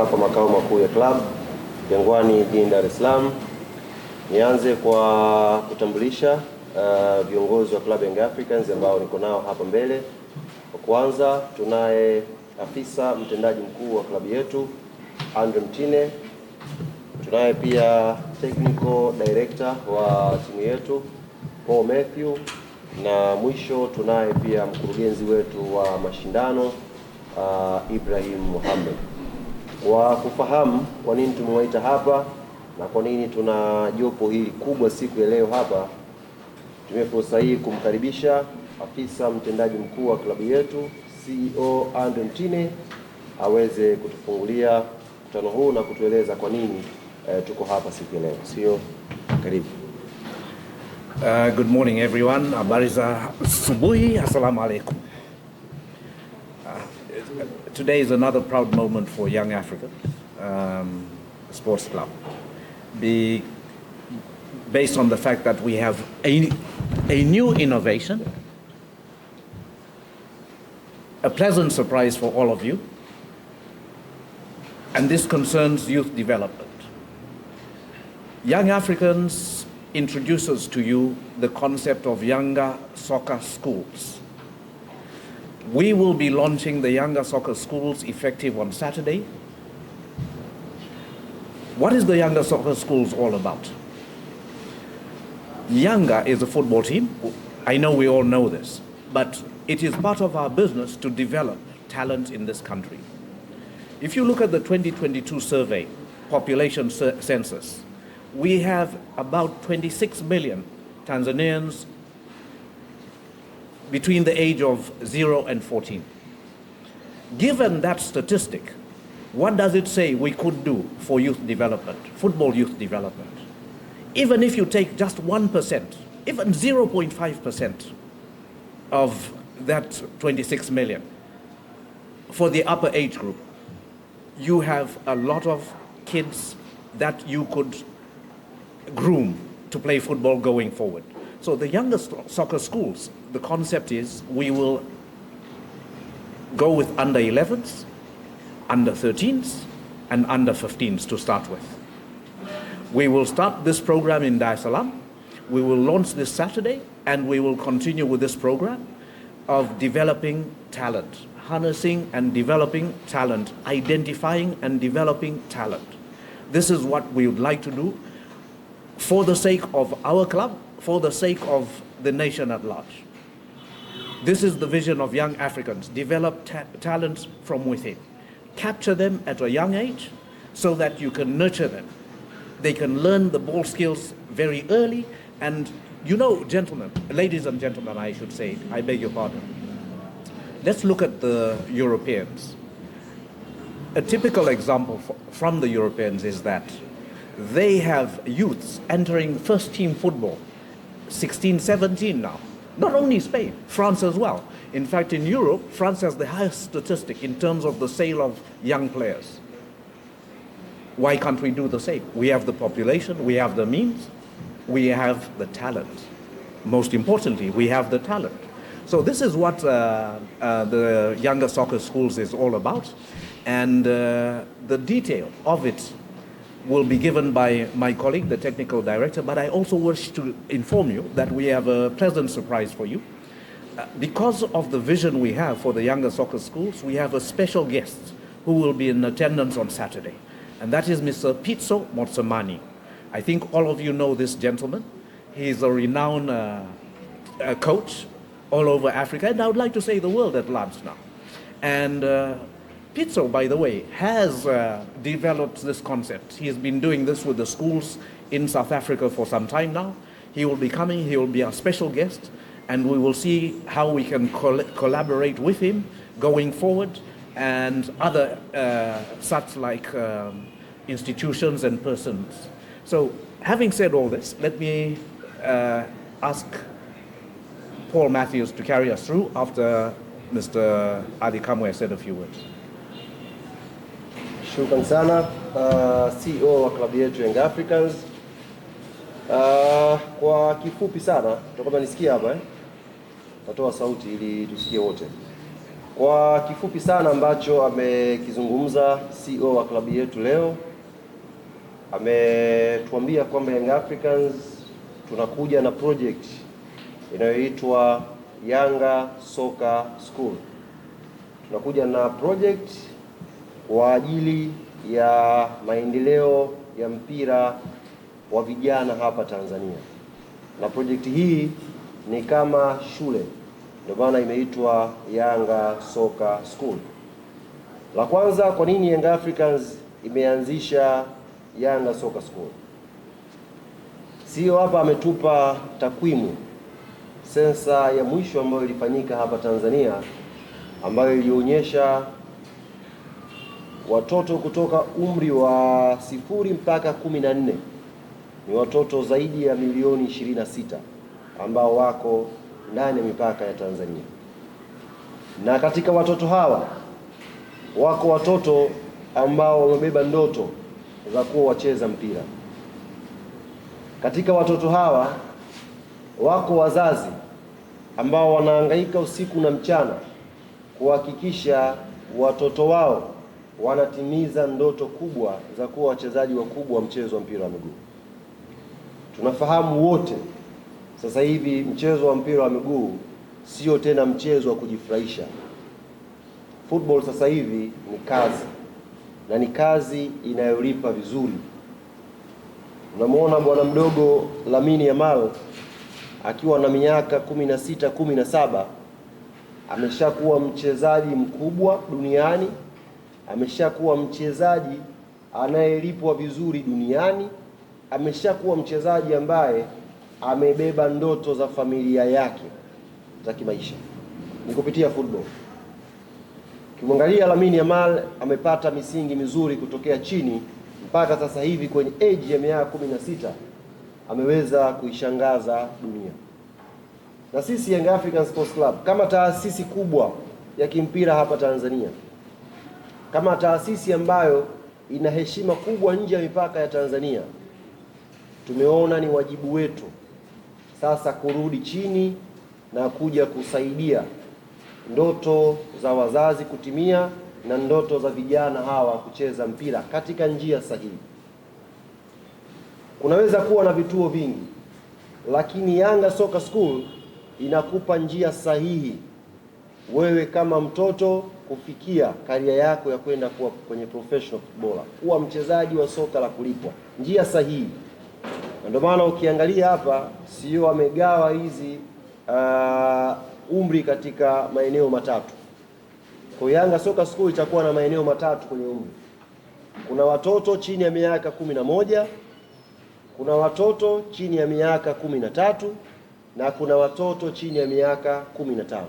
hapa makao makuu ya club Jangwani jijini Dar es Salaam. Nianze kwa kutambulisha uh, viongozi wa club Young Africans ambao niko nao hapa mbele. Kwa kwanza tunaye afisa mtendaji mkuu wa klabu yetu Andre Mtine. Tunaye pia technical director wa timu yetu Paul Matthew, na mwisho tunaye pia mkurugenzi wetu wa mashindano uh, Ibrahim Mohamed wa kufahamu kwa nini tumewaita hapa na kwa nini tuna jopo hili kubwa siku ya leo hapa. Tumie fursa hii kumkaribisha afisa mtendaji mkuu wa klabu yetu CEO Andre Mtine aweze kutufungulia mkutano huu na kutueleza kwa nini eh, tuko hapa siku ya leo. Sio karibu. Uh, good morning everyone. Habari za asubuhi. Assalamu alaikum. today is another proud moment for Young Africa um, Sports Club. Be, based on the fact that we have a, a new innovation, a pleasant surprise for all of you, and this concerns youth development. Young Africans introduces to you the concept of younger soccer schools. We will be launching the Younger Soccer Schools effective on Saturday. What is the Younger Soccer Schools all about? Younger is a football team. I know we all know this, but it is part of our business to develop talent in this country. If you look at the 2022 survey, population census, we have about 26 million Tanzanians, between the age of 0 and 14. Given that statistic, what does it say we could do for youth development, football youth development? Even if you take just 1%, even 0.5% of that 26 million for the upper age group, you have a lot of kids that you could groom to play football going forward. So the younger soccer schools, the concept is we will go with under 11s, under 13s, and under 15s to start with. We will start this program in Dar es Salaam. We will launch this Saturday, and we will continue with this program of developing talent, harnessing and developing talent, identifying and developing talent. This is what we would like to do for the sake of our club for the sake of the nation at large. This is the vision of young Africans develop ta talents from within, capture them at a young age so that you can nurture them. They can learn the ball skills very early. And you know, gentlemen, ladies and gentlemen, I should say, I beg your pardon. Let's look at the Europeans. A typical example from the Europeans is that they have youths entering first team football 16, 17 now. Not only Spain, France as well. In fact, in Europe, France has the highest statistic in terms of the sale of young players. Why can't we do the same? We have the population, we have the means, we have the talent. Most importantly, we have the talent. So this is what uh, uh, the younger soccer schools is all about, and uh, the detail of it will be given by my colleague, the technical director, but I also wish to inform you that we have a pleasant surprise for you. Uh, because of the vision we have for the younger soccer schools, we have a special guest who will be in attendance on Saturday, and that is Mr. Pizzo Motsamani. I think all of you know this gentleman. He is a renowned uh, uh, coach all over Africa, and I would like to say the world at large now. And uh, Pizzo, by the way, has uh, developed this concept. He has been doing this with the schools in South Africa for some time now. He will be coming, he will be our special guest, and we will see how we can col- collaborate with him going forward and other uh, such like um, institutions and persons. So, having said all this, let me uh, ask Paul Matthews to carry us through after Mr. Ali Kamwe said a few words. Shukran sana uh, CEO wa klabu yetu Young Africans. Uh, kwa kifupi sana tutakwenda nisikia hapa eh? Tatoa sauti ili tusikie wote. Kwa kifupi sana ambacho amekizungumza CEO wa klabu yetu leo, ametuambia kwamba Young Africans tunakuja na project inayoitwa Yanga soka School. Tunakuja na project kwa ajili ya maendeleo ya mpira wa vijana hapa Tanzania, na projekti hii ni kama shule, ndio maana imeitwa Yanga Soccer School. La kwanza, kwa nini Young Africans imeanzisha Yanga Soccer School? Sio hapa, ametupa takwimu sensa ya mwisho ambayo ilifanyika hapa Tanzania ambayo ilionyesha watoto kutoka umri wa sifuri mpaka kumi na nne ni watoto zaidi ya milioni 26 ambao wako ndani ya mipaka ya Tanzania, na katika watoto hawa wako watoto ambao wamebeba ndoto za kuwa wacheza mpira. Katika watoto hawa wako wazazi ambao wanaangaika usiku na mchana kuhakikisha watoto wao wanatimiza ndoto kubwa za kuwa wachezaji wakubwa wa mchezo wa mpira wa miguu. Tunafahamu wote sasa hivi mchezo wa mpira wa miguu sio tena mchezo wa kujifurahisha. Football sasa hivi ni kazi na ni kazi inayolipa vizuri. Unamwona bwana mdogo Lamine Yamal akiwa na miaka kumi na sita, kumi na saba ameshakuwa mchezaji mkubwa duniani ameshakuwa mchezaji anayelipwa vizuri duniani, ameshakuwa mchezaji ambaye amebeba ndoto za familia yake za kimaisha ni kupitia football. Ukimwangalia Lamine Yamal amepata misingi mizuri kutokea chini mpaka sasa hivi kwenye age ya miaka kumi na sita ameweza kuishangaza dunia. Na sisi Young African Sports Club kama taasisi kubwa ya kimpira hapa Tanzania kama taasisi ambayo ina heshima kubwa nje ya mipaka ya Tanzania, tumeona ni wajibu wetu sasa kurudi chini na kuja kusaidia ndoto za wazazi kutimia na ndoto za vijana hawa kucheza mpira katika njia sahihi. Kunaweza kuwa na vituo vingi, lakini Yanga Soccer School inakupa njia sahihi wewe kama mtoto kufikia karia yako ya kwenda kuwa kwenye professional footballer, kuwa mchezaji wa soka la kulipwa, njia sahihi. Na ndio maana ukiangalia hapa, sio e amegawa hizi uh, umri katika maeneo matatu. Kwa Yanga Soka School itakuwa na maeneo matatu kwenye umri. Kuna watoto chini ya miaka kumi na moja, kuna watoto chini ya miaka kumi na tatu na kuna watoto chini ya miaka kumi na tano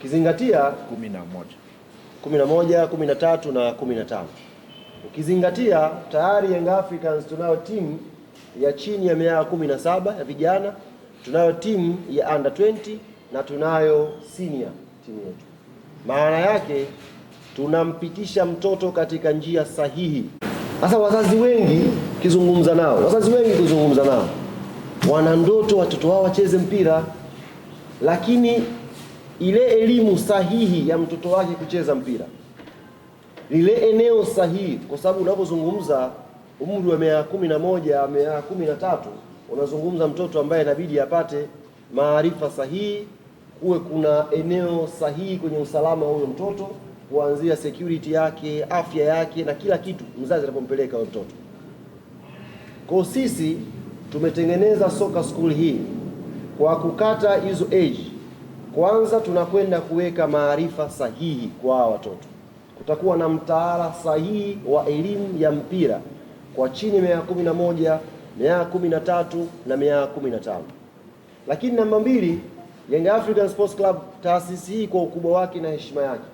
ukizingatia 11 11 13 na 15 ukizingatia tayari Young Africans tunayo timu ya chini ya miaka 17 ya vijana, tunayo timu ya under 20 na tunayo senior timu yetu. Maana yake tunampitisha mtoto katika njia sahihi. Sasa wazazi wengi kizungumza nao, wazazi wengi kuzungumza nao, wana ndoto watoto wao wacheze mpira, lakini ile elimu sahihi ya mtoto wake kucheza mpira, lile eneo sahihi, kwa sababu unapozungumza umri wa miaka kumi na moja miaka kumi na tatu unazungumza mtoto ambaye inabidi apate maarifa sahihi, kuwe kuna eneo sahihi kwenye usalama wa huyo mtoto, kuanzia security yake, afya yake na kila kitu, mzazi anapompeleka huyo mtoto. Kwa sisi tumetengeneza soka school hii kwa kukata hizo age kwanza tunakwenda kuweka maarifa sahihi kwa watoto. Kutakuwa na mtaala sahihi wa elimu ya mpira kwa chini ya miaka kumi na moja, miaka kumi na tatu na miaka kumi na tano. Lakini namba mbili, Young African Sports Club, taasisi hii kwa ukubwa wake na heshima yake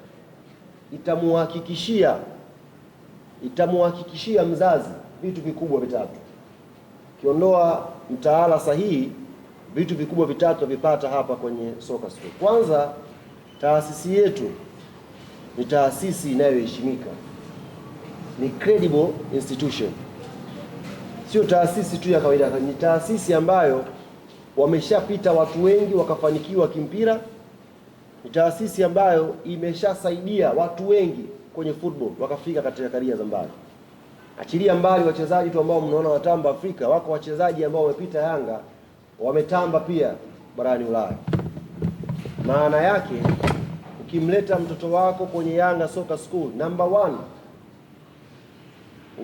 itamuhakikishia itamuhakikishia mzazi vitu vikubwa vitatu. Ukiondoa mtaala sahihi vitu vikubwa vitatu vipata hapa kwenye Soka Street. Kwanza, taasisi yetu ni taasisi inayoheshimika, ni credible institution, sio taasisi tu ya kawaida, ni taasisi ambayo wameshapita watu wengi wakafanikiwa kimpira, ni taasisi ambayo imeshasaidia watu wengi kwenye football wakafika katika karia za mbali. Achilia mbali wachezaji tu ambao mnaona watamba Afrika, wako wachezaji ambao wamepita Yanga wametamba pia barani Ulaya. Maana yake ukimleta mtoto wako kwenye Yanga Soka School number one,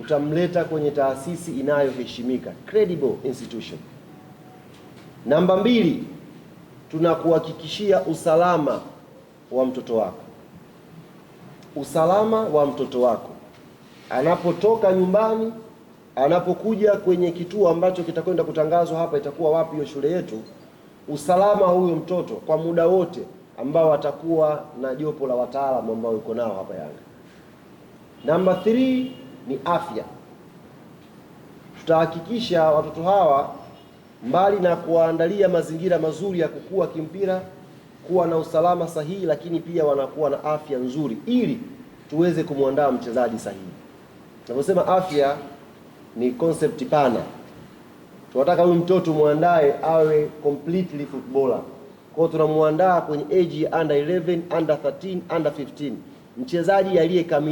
utamleta kwenye taasisi inayoheshimika credible institution. Namba mbili, tunakuhakikishia usalama wa mtoto wako, usalama wa mtoto wako anapotoka nyumbani anapokuja kwenye kituo ambacho kitakwenda kutangazwa hapa itakuwa wapi hiyo shule yetu, usalama huyo mtoto kwa muda wote ambao atakuwa na jopo la wataalamu ambao yuko nao hapa Yanga. Namba 3 ni afya. Tutahakikisha watoto hawa mbali na kuwaandalia mazingira mazuri ya kukua kimpira, kuwa na usalama sahihi, lakini pia wanakuwa na afya nzuri, ili tuweze kumwandaa mchezaji sahihi. Tunaposema afya ni concept pana. Tunataka huyu mtoto muandae awe completely footballer. Kwa tunamuandaa tunamwandaa kwenye age ya under 11, under 13, under 15, mchezaji aliyekamilika.